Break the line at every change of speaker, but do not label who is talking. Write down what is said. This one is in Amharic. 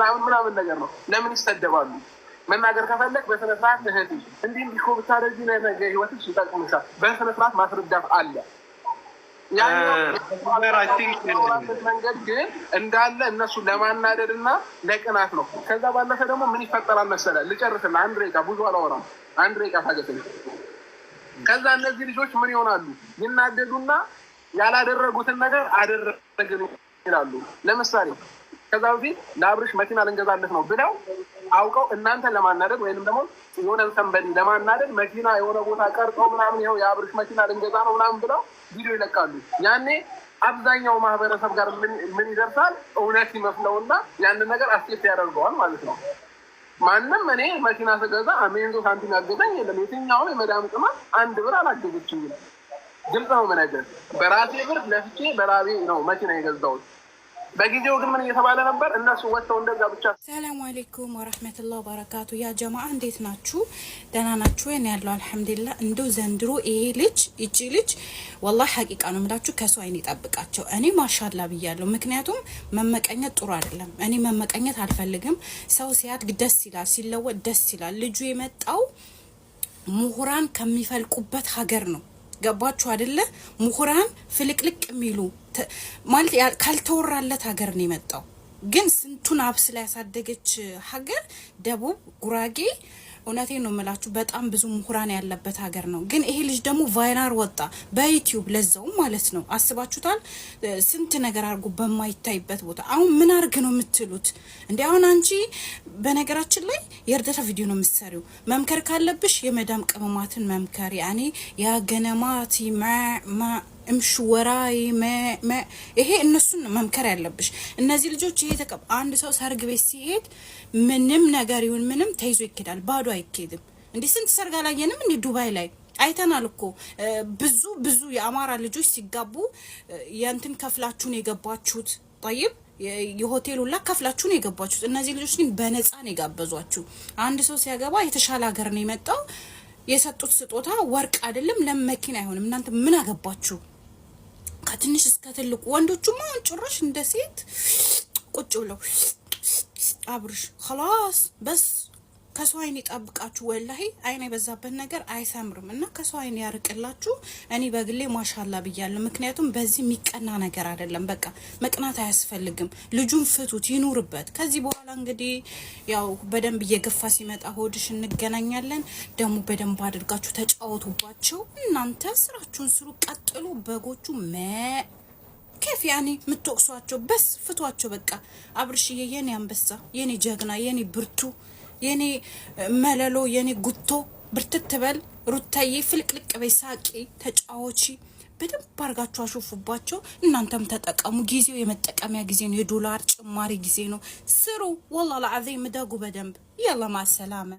ምናምን ምናምን ነገር ነው። ለምን ይሰደባሉ? መናገር ከፈለግ በስነስርዓት እህት እንዲህ እንዲህ እኮ ብታደርጊ ነገ ህይወትሽ ይጠቅምሻል፣ በስነስርዓት ማስረዳት አለ። uh, መንገድ ግን እንዳለ እነሱ ለማናደድ እና ለቅናት ነው። ከዛ ባለፈ ደግሞ ምን ይፈጠራል መሰለህ? ልጨርስና አንድ ደቂቃ ብዙ አላወራም። አንድ ደቂቃ ታገት። ከዛ እነዚህ ልጆች ምን ይሆናሉ? ይናደዱና ያላደረጉትን ነገር አደረግን ይላሉ። ለምሳሌ ከዛ በፊት ለአብርሽ መኪና ልንገዛለት ነው ብለው አውቀው እናንተን ለማናደድ ወይም ደግሞ የሆነ ሰንበድ ለማናደድ መኪና የሆነ ቦታ ቀርጦ ምናምን ይኸው የአብርሽ መኪና ልንገዛ ነው ምናምን ብለው ቪዲዮ ይለቃሉ። ያኔ አብዛኛው ማህበረሰብ ጋር ምን ይደርሳል? እውነት ይመስለውና ያንን ነገር አስኬት ያደርገዋል ማለት ነው። ማንም እኔ መኪና ስገዛ አሜንዞ ሳንቲም ያገዘኝ የለም። የትኛውም የመዳም ቅመም አንድ ብር አላገዘችም ግልጽ ነው። ምነገር በራሴ ብር ለፍቼ በራቤ ነው መኪና የገዛሁት። በጊዜው ግን ምን እየተባለ ነበር? እነሱ ወጥተው እንደዛ ብቻ።
ሰላሙ አሌይኩም ወረህመቱላ ወበረካቱ። ያ ጀማአ እንዴት ናችሁ? ደህና ናችሁ? ወይን ያለው አልሐምዱሊላ። እንደው ዘንድሮ ይሄ ልጅ ይቺ ልጅ ወላ ሀቂቃ ነው የምላችሁ፣ ከሰው አይን ይጠብቃቸው። እኔ ማሻላ ብያለሁ። ምክንያቱም መመቀኘት ጥሩ አይደለም። እኔ መመቀኘት አልፈልግም። ሰው ሲያድግ ደስ ይላል፣ ሲለወጥ ደስ ይላል። ልጁ የመጣው ምሁራን ከሚፈልቁበት ሀገር ነው። ገባችሁ አደለ? ምሁራን ፍልቅልቅ የሚሉ ማለት ካልተወራለት ሀገር ነው የመጣው። ግን ስንቱን አብስላ ያሳደገች ሀገር ደቡብ ጉራጌ፣ እውነቴ ነው የምላችሁ በጣም ብዙ ምሁራን ያለበት ሀገር ነው። ግን ይሄ ልጅ ደግሞ ቫይራል ወጣ በዩቲዩብ ለዛውም ማለት ነው። አስባችሁታል? ስንት ነገር አድርጎ በማይታይበት ቦታ አሁን ምን አርግ ነው የምትሉት? እንዲ አሁን አንቺ በነገራችን ላይ የእርዳታ ቪዲዮ ነው የምትሰሪው። መምከር ካለብሽ የመዳም ቅመማትን መምከር ያኔ ያገነማት እምሽ ወራይ ይሄ እነሱን መምከር ያለብሽ እነዚህ ልጆች ይሄ ተቀብ አንድ ሰው ሰርግ ቤት ሲሄድ ምንም ነገር ይሁን ምንም ተይዞ ይኬዳል። ባዶ አይኬድም። እንዴ ስንት ሰርግ አላየንም? እንዴ ዱባይ ላይ አይተናል እኮ ብዙ ብዙ የአማራ ልጆች ሲጋቡ የንትን ከፍላችሁን የገባችሁት ጠይብ የሆቴሉ ላ ከፍላችሁን የገባችሁት። እነዚህ ልጆች ግን በነፃ ነው የጋበዟችሁ። አንድ ሰው ሲያገባ የተሻለ ሀገር ነው የመጣው። የሰጡት ስጦታ ወርቅ አይደለም፣ ለመኪና አይሆንም። እናንተ ምን አገባችሁ? ከትንሽ እስከ ትልቁ ወንዶቹም አሁን ጭራሽ እንደ ሴት ቁጭ ብለው አብርሽ ኸላስ በስ ከሰው አይን ይጠብቃችሁ። ወላሂ አይን የበዛበት ነገር አይሰምርም እና ከሰው አይን ያርቅላችሁ። እኔ በግሌ ማሻላ ብያለሁ። ምክንያቱም በዚህ የሚቀና ነገር አይደለም። በቃ መቅናት አያስፈልግም። ልጁን ፍቱት ይኑርበት። ከዚህ በኋላ እንግዲህ ያው በደንብ እየገፋ ሲመጣ ሆድሽ እንገናኛለን። ደግሞ በደንብ አድርጋችሁ ተጫወቱባቸው። እናንተ ስራችሁን ስሩ። ጥሎ በጎቹ መ ከፍ ያኔ የምትወቅሷቸው በስ ፍቷቸው። በቃ አብርሽዬ፣ የኔ አንበሳ፣ የኔ ጀግና፣ የኔ ብርቱ፣ የኔ መለሎ፣ የኔ ጉቶ ብርትትበል በል ሩታዬ፣ ፍልቅልቅ በይ፣ ሳቂ፣ ተጫዎቺ። በደንብ አርጋችሁ አሾፉባቸው። እናንተም ተጠቀሙ። ጊዜው የመጠቀሚያ ጊዜ ነው። የዶላር ጭማሪ ጊዜ ነው። ስሩ። ወላ ለአዘ ምደጉ በደንብ ያለማሰላመ